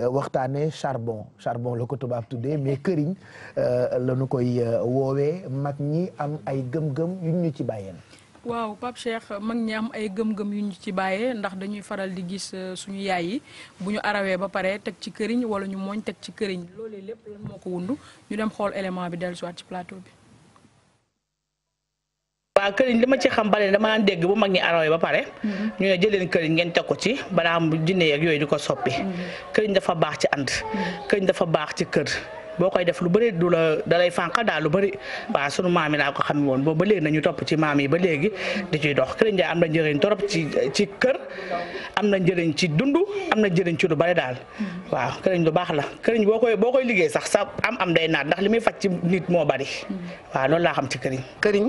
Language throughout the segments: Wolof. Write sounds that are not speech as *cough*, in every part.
Euh, waxtaanee charbon charbon la ko tubaab tuddee mais këriñ euh, la ñu koy euh, woowee mag ñi am ay gëm-gëm yu ñu ci bàyyeen waaw Pape Cheikh mag ñi ay gëm-gëm yu ñu ci bàyyee ndax dañuy faral di gis suñu yaay yi bu ñu arawee ba pare teg ci këriñ wala ñu mooñ teg ci këriñ loolee lépp lan moo ko wundu ñu dem xool élément bi dellusiwaat ci plateau bi waa këriñ li ma ci xam bari dama daan dégg bu mag ñi arawee ba pare mm-hmm. ñu ne jëleen këriñ ngeen teg ko ci balaa am jinne yeeg yooyu di ko soppi mm-hmm. këriñ dafa baax ci ànd mm-hmm. këriñ dafa baax ci kër boo koy def lu bëri du la dalay fànq daal lu bëri waaw su maam yi laa ko xam woon boobu ba léegi nañu topp ci maam yi ba léegi di ciy dox Këriñ Njaay am na njëriñ torop ci ci kër am na njëriñ ci dund am na njëriñ ci lu bari daal waaw këriñ lu baax la këriñ boo koy boo koy liggéey sax sa am am day naat ndax li muy faj ci nit moo bëri waaw loolu laa xam ci këriñ këriñ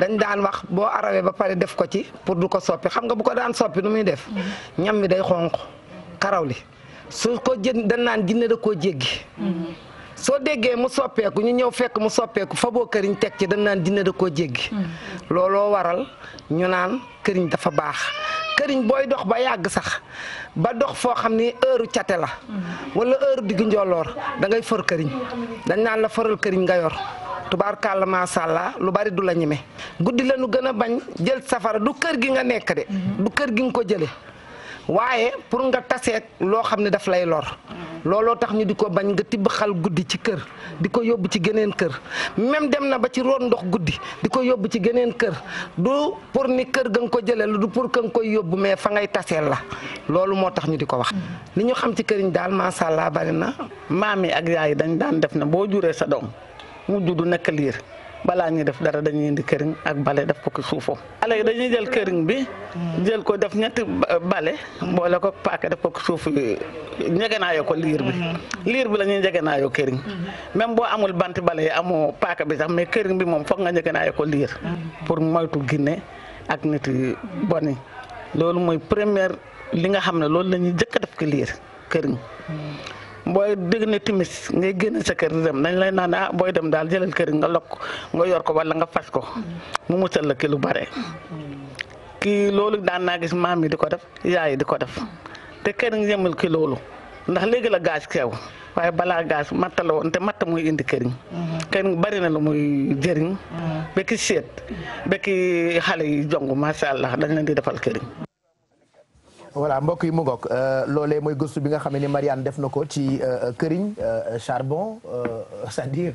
dañ daan wax boo arawee ba pare def ko ci pour du ko soppi xam nga bu ko daan soppi nu muy def ñam mi day xonq karaw li su ko jën dañ naan jinne da koo soo déggee mu soppeeku ñu ñëw fekk mu soppeeku fa boo këriñ teg ci dañ naan dina da koo jéggi. Hmm. looloo waral ñu naan këriñ dafa baax këriñ booy dox ba yàgg sax ba dox foo xam ni heure cate la. Hmm. wala heure diggu njolloor da ngay for këriñ dañ naan la fëral këriñ nga yor. tubaarkàlla macha allah lu bari du la ñeme guddi la nu gën a bañ jël safara du kër gi nga nekk de. Hmm. du kër gi nga ko jëlee. waaye pour nga taseet loo xam ne daf lay lor looloo tax ñu di ko bañ nga tibb xal guddi ci kër di ko yóbbu ci geneen kër même dem na ba ci roon ndox guddi di ko yóbbu ci geneen kër du pour ni kër ga nga ko jëlee lu du pour ka nga koy yóbbu mais fa ngay taseel la loolu moo tax ñu di ko wax li ñu xam ci këriñ daal macha allah bari na maam yi ak yaay dañ daan def na boo juree sa doom mu juddu nekk liir balaa ñuy def dara dañuy indi këriñ ak bale def ko ki suufam léegi dañuy del këriñ bi jël ko def ñetti bale boole ko paake def ko ki suuf naa ko liir bi mm-hmm. liir bi la ñuy njegenaayoo këriñ mm-hmm. même boo amul banti bale yi amoo paaka bi sax mais këriñ bi moom foog nga njegenaayoo ko liir mm-hmm. pour moytu ginne ak nit yi loolu mooy première li nga xam ne loolu la ñuy jëkk def ko liir këriñ booy dégg ne timis ngay génn sa kër dem dañ lay naan ah booy dem daal jëlal kër nga lokk nga yor ko wala nga fas ko mu musal la ki lu bare kii loolu daan naa gis maam yi di ko def yaay yi di ko def te kër nga yemul ki loolu ndax léegi la gaz kew waaye balaa gaz matt la woon te matt muy indi këriñ këriñ bari na lu muy jëriñ mm. bekki seet bekki xale yi jong macha allah dañ leen di defal këriñ voilà mbokk yi mu ngoog euh, loole mooy gëstu bi nga xam ne Marianne def na ko ci euh, euh, këriñ charbon c'est-à-dire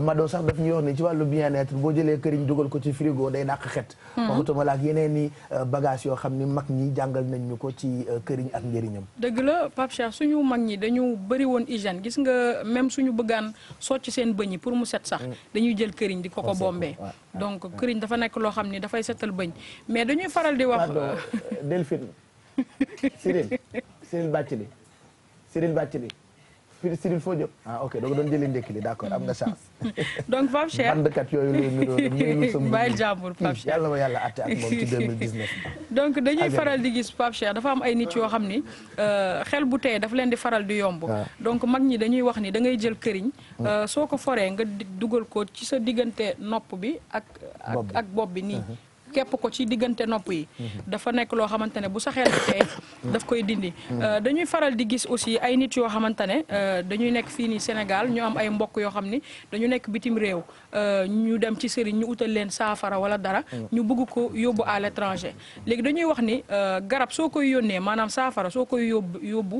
Mado sax daf ñu wax ne ci wàllu bien-être boo jëlee këriñ dugal ko ci frigo day dàq xet. Hmm. waxutuma la ak yeneen i bagages yoo xam ni mag ñi jàngal nañ ñu ko ci këriñ ak njëriñam. dëgg la Pape Cheikh suñu mag ñi dañu bëri woon hygiène gis nga même suñu bëggaan socc seen bëñ yi pour mu set sax hmm. dañuy jël këriñ di ko ko bombee. donc hmm. këriñ dafa nekk loo xam ni dafay setal bëñ mais dañuy faral di wax. *laughs* Delphine. *laughs* Cyril Cyril Bathily Cyril Bathily Cyril foo jëm ah ok donc doon jëli ndekki li d' accord am nga chance. *laughs* donc Pape Cheikh bandkat yooyu la ñu doon bàyyi jàmbur Pape Cheikh hmm, yàlla ma yàlla àtte ak moom ci 2019. *laughs* donc dañuy faral di gis Pape dafa am ay nit yoo xam ni euh, xel bu tey daf leen di faral di yomb. Ah. donc mag ñi dañuy wax ni da ngay jël këriñ. Hmm. Euh, soo ko foree nga dugal ko ci sa diggante nopp bi ak. ak bopp bi nii. Uh-huh. képp ko ci diggante nopp yi mhm. dafa nekk loo xamante ne bu saxee xel tey mm. daf koy dindi mm. euh, dañuy faral di gis aussi ay nit yoo xamante ne euh, dañuy nekk fii nii Sénégal ñu am ay mbokk yoo xam ni dañu nekk bitim réew euh, ñu dem ci sëriñ ñu wutal leen saafara wala dara mm. ñu bugg ko yóbbu à l'étranger léegi dañuy wax ni garab soo koy yónnee maanaam saafara soo koy yóbbu yóbbu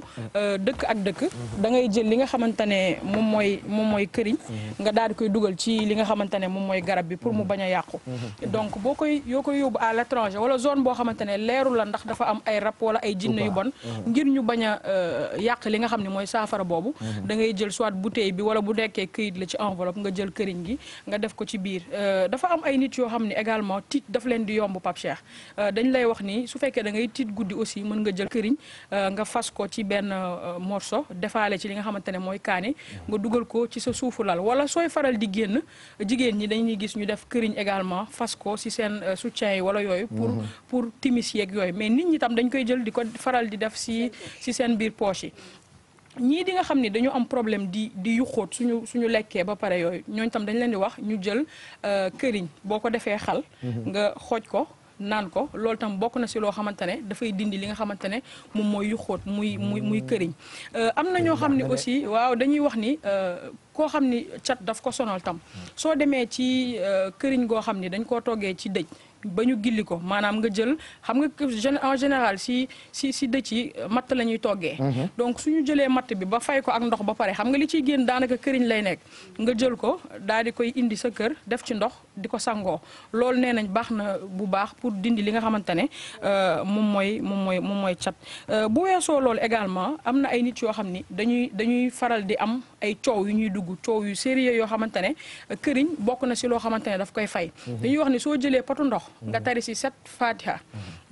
dëkk ak dëkk mm-hmm. da ngay jël li nga xamante ne moom mooy moom mooy këriñ mm-hmm. nga daal di koy dugal ci li nga xamante ne moom mooy garab bi pour mu mm-hmm. bañ a yàqu koy yóbbu à l'étranger wala zone boo xamante ne leeru la ndax dafa am ay rab wala ay jinne yu bon ngir ñu bañ a euh, yàq li nga xam ne mooy saafara boobu da ngay jël soit bouteille bi wala bu nekkee këyit la ci enveloppe nga jël këriñ gi nga def ko ci biir euh, dafa am ay nit yoo xam ne également tiit daf leen di yomb Pape Cheikh euh, dañ lay wax nii su fekkee da ngay tiit guddi aussi mën nga jël këriñ nga fas ko ci benn morso defaale ci li nga xamante ne mooy kaani nga dugal ko ci sa suufu lal wala sooy faral di génn jigéen ñi dañuy gis ñu def këriñ également fas ko ci seen soutien yi wala yooyu pour mhm. pour timis yeeg yooyu mais nit ñi tam dañ koy jël di ko faral di def si si seen biir poche yi ñii di nga xam ni dañu am problème di di yuxóot suñu suñu lekkee ba pare yooyu ñooñu tam dañ leen di wax ñu jël euh, këriñ boo ko defee xal mhm. nga xooj ko naan ko loolu tam bokk na si loo xamante ne dafay dindi li nga xamante ne moom mooy yuxóot muy muy muy mm. këriñ euh, am na ñoo xam ne aussi waaw dañuy wax ni euh, koo xam ni cat daf ko sonal tam mm. soo demee ci këriñ xam ba ñu gilli ko maanaam nga jël xam nga kër en général si si si dëcc yi euh, matt la ñuy toggee mm-hmm. donc ñu jëlee matt bi ba fay ko ak ndox ba pare xam nga li ciy génn daanaka këriñ lay nekk nga jël ko daal di koy indi sa kër def ci ndox di ko sangoo loolu nee nañ baax na bu baax pour dindi li nga xamante ne euh, moom mooy moom mooy moom mooy cat euh, bu weesoo loolu également am na ay nit yoo xam ni dañuy dañuy faral di am ay coow yu ñuy dugg coow yu sérieux yoo xamante ne këriñ bokk na si loo xamante ne daf koy fay mm-hmm. dañuy wax ni soo jëlee potu ndox nga tari si set fatiha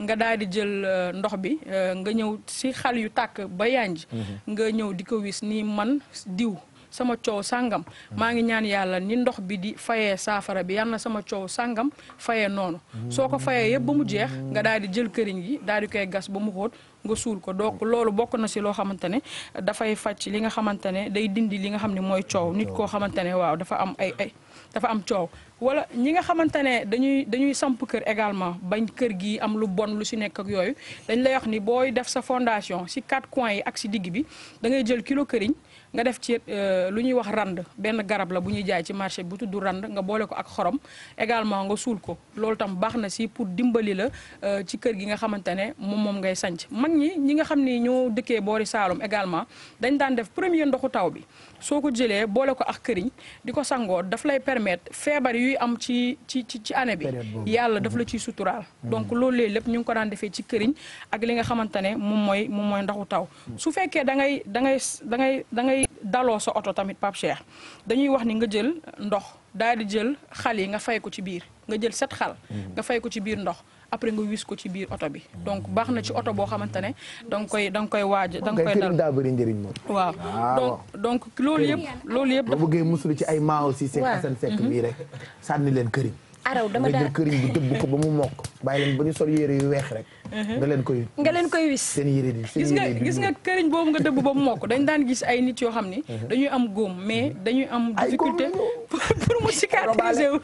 nga daal di jël euh, ndox bi euh, nga ñëw si xal yu tàkk ba yanj mhm. nga ñëw di ko wis nii man diw sama coow sàngam mhm. maa ngi ñaan yàlla ni ndox bi di fayee saafara bi yal na sama coow sàngam fayee noonu soo ko fayee yëpp ba mu jeex nga daal di jël këriñ gi daal di koy gas ba mu xóot nga suul ko donc loolu bokk na si loo xamante ne dafay fàcc li nga xamante ne day dindi li nga xam ne mooy coow nit koo xamante ne waaw dafa am ay ay dafa am coow wala ñi nga xamante ne dañuy dañuy samp kër également bañ kër gi am lu bon lu si nekk ak yooyu dañ lay wax ni booy def sa fondation si quatre coins yi ak si digg bi da ngay jël kilo këriñ nga def ci euh, lu ñuy wax rand benn garab la bu ñuy jaay ci marché bu tudd rand nga boole ko ak xorom également nga suul ko loolu tam baax na si pour dimbali la euh, ci kër gi nga xamante ne moom moom ngay sanc mag ñi ñi nga xam ni ñoo dëkkee boori Saalum également dañ daan def premier ndoxu taw bi soo ko jëlee boole ko ak këriñ di ko sangoo daf lay permettre feebar yuy am ci ci ci ci année bi yàlla daf la mm-hmm. ciy suturaal mm-hmm. donc loolu léegi lépp ñu ngi ko daan defee ci këriñ ak li nga xamante ne moom mooy moom mooy ndoxu taw mm-hmm. su fekkee da ngay da lay daloo sa oto tamit Pape Cheikh dañuy wax ni nga jël ndox daal di jël xal yi nga fay ko ci biir nga jël set xal nga fay ko ci biir ndox après nga wis ko ci biir oto bi donc baax na ci oto boo xamante ne da nga koy da koy waaj da nga koy dal daa bëri njëriñ moom waaw ah, donc donc loolu yëpp loolu yëpp boo bëggee musulu ci ay maa aussi Seck Assane Seck bii mm-hmm. rek sànni leen këriñ araw dama daan jël këriñ bi dëbb ko ba mu mokk bàyyi leen ba ñu sol yére yu weex rek nga leen koy nga leen wis seen yére di gis nga gis nga këriñ boobu nga dëbb ba mu mokk dañ daan gis ay nit yoo xam ni dañuy am góom mais dañuy am difficulté pour mu cicatriser wu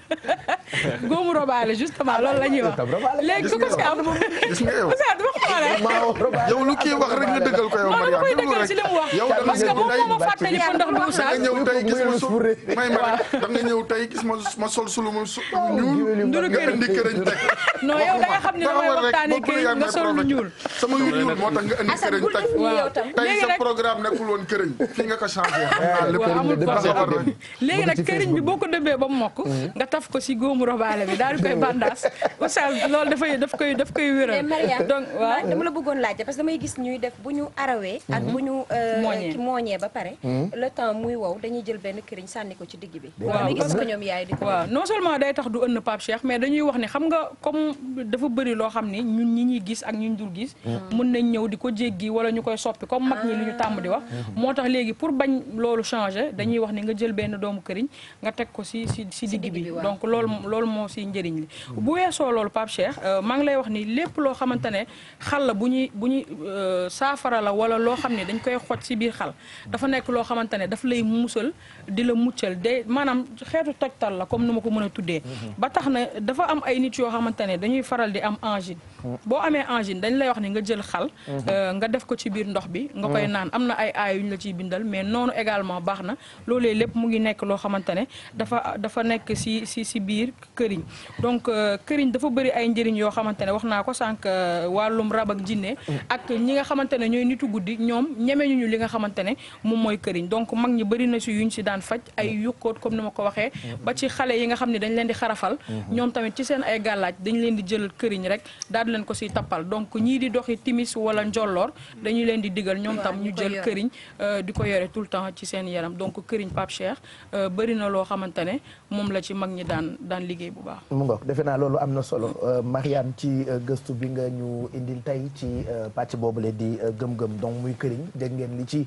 góomu robaale justement loolu la ñuy wax léegi ku ko si am gis nga yow yow lu kii wax li mu wax yow parce que moom moo ma ko ndax du sax nga ñëw tey gis ma sol may ma rek da nga ñëw tey gis ma ma nduru këriñ nga indi këriñ teg. *laughs* non yow da nga xam ne damay waxtaanee këriñ sa programme nekkul woon këriñ fii ko changé. Eh, waaw amul problème léegi nag këriñ bi boo ko dëbbee ba mu mokk. Mm-hmm. nga taf ko si góomu robaale bi daal di koy mm-hmm. bandaas oustaz daf koy daf koy wéral. donc waaw dama la bëggoon laajte parce que damay gis ñuy def bu ñu arawee. ak mm-hmm. bu ñu euh, mooñee ba pare. le temps muy wow dañuy jël benn këriñ sànni ko ci digg bi. waaw non seulement day tax du ënn génn Pape Cheikh mais dañuy wax ne xam nga comme dafa bëri loo xam ne ñun ñi ñuy gis ak ñu dul gis mm. mën nañ ñëw di ko jéggi wala ñu koy soppi comme mag ñi ñu tàmm di wax ah. mm-hmm. moo tax léegi pour bañ loolu changer dañuy wax ne nga jël benn doomu këriñ nga teg ko si si si digg bi donc loolu loolu moo si njëriñ li mm. bu weesoo loolu Pape Cheikh euh, lay wax ni lépp loo xamante ne xal la bu ñuy bu ñuy euh, saafara la wala loo xam ne dañ koy xoj si biir xal dafa nekk loo xamante ne daf lay musal di la muccal de maanaam xeetu tojtal la comme nu ma ko mën a tuddee mm-hmm. tax na dafa am ay nit yoo xamante ne dañuy faral di am engine boo amee engine dañ lay wax ni nga jël xal euh, nga def ko ci biir ndox bi nga koy mm-hmm. naan am na ay aay la ciy bindal mais noonu également baax na loolee lépp mu ngi nekk loo xamante ne dafa dafa nekk si si si biir këriñ donc euh, këriñ dafa bëri ay njëriñ yoo xamante ne wax naa ko sànq euh, wàllum rab ak jinne ak ñi nga xamante ne ñooy nitu guddi ñoom ñemeñu ñu li nga xamante ne moom mooy këriñ donc mag ñi bari na si yuñ si daan faj ay yukkoot comme ni ma ko waxee mm-hmm. ba ci xale yi nga xam ne dañ leen di xarafal Mhm. ñoom tamit ci seen ay gàllaaj dañu leen di jëlal këriñ rek daal di leen ko siy tappal donc ñii di doxi timis wala njolloor dañu leen di digal ñoom tam ñu jël këriñ euh, di ko yore tout le temps ci seen yaram donc këriñ Pape Cheikh euh, bëri na loo xamante ne moom la ci mag ñi daan daan liggéey bu baax mu ngoog defe naa loolu am na solo euh, Mariam ci gëstu bi nga ñu indil tey ci pàcc boobule di gëm-gëm donc muy këriñ dégg ngeen li ci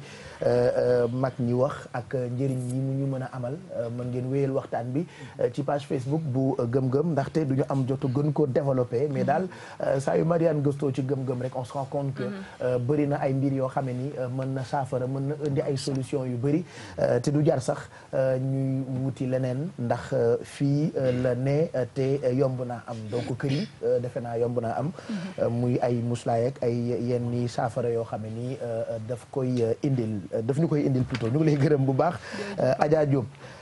mag ñi wax ak njëriñ yi mu ñu mën a amal mën ngeen wéyal waxtaan bi ci gëm-gëm ndaxte du ñu am jot gën koo développé mais mm-hmm. daal euh, saa yu Marianne gëstoo ci gëm-gëm rek on se rend compte que mm-hmm. euh, na ay mbir yoo xam ne ni euh, mën na saafara mën na indi ay solution yu bëri te du jar sax ñuy wuti leneen ndax fii la ne te yomb naa am donc kër yi defe naa yomb naa am mm-hmm. muy ay muslaay ak ay yenn ni saafara yoo xam ne ni daf koy indil daf ñu koy indil plutôt ñu lay gërëm bu baax Adja Diop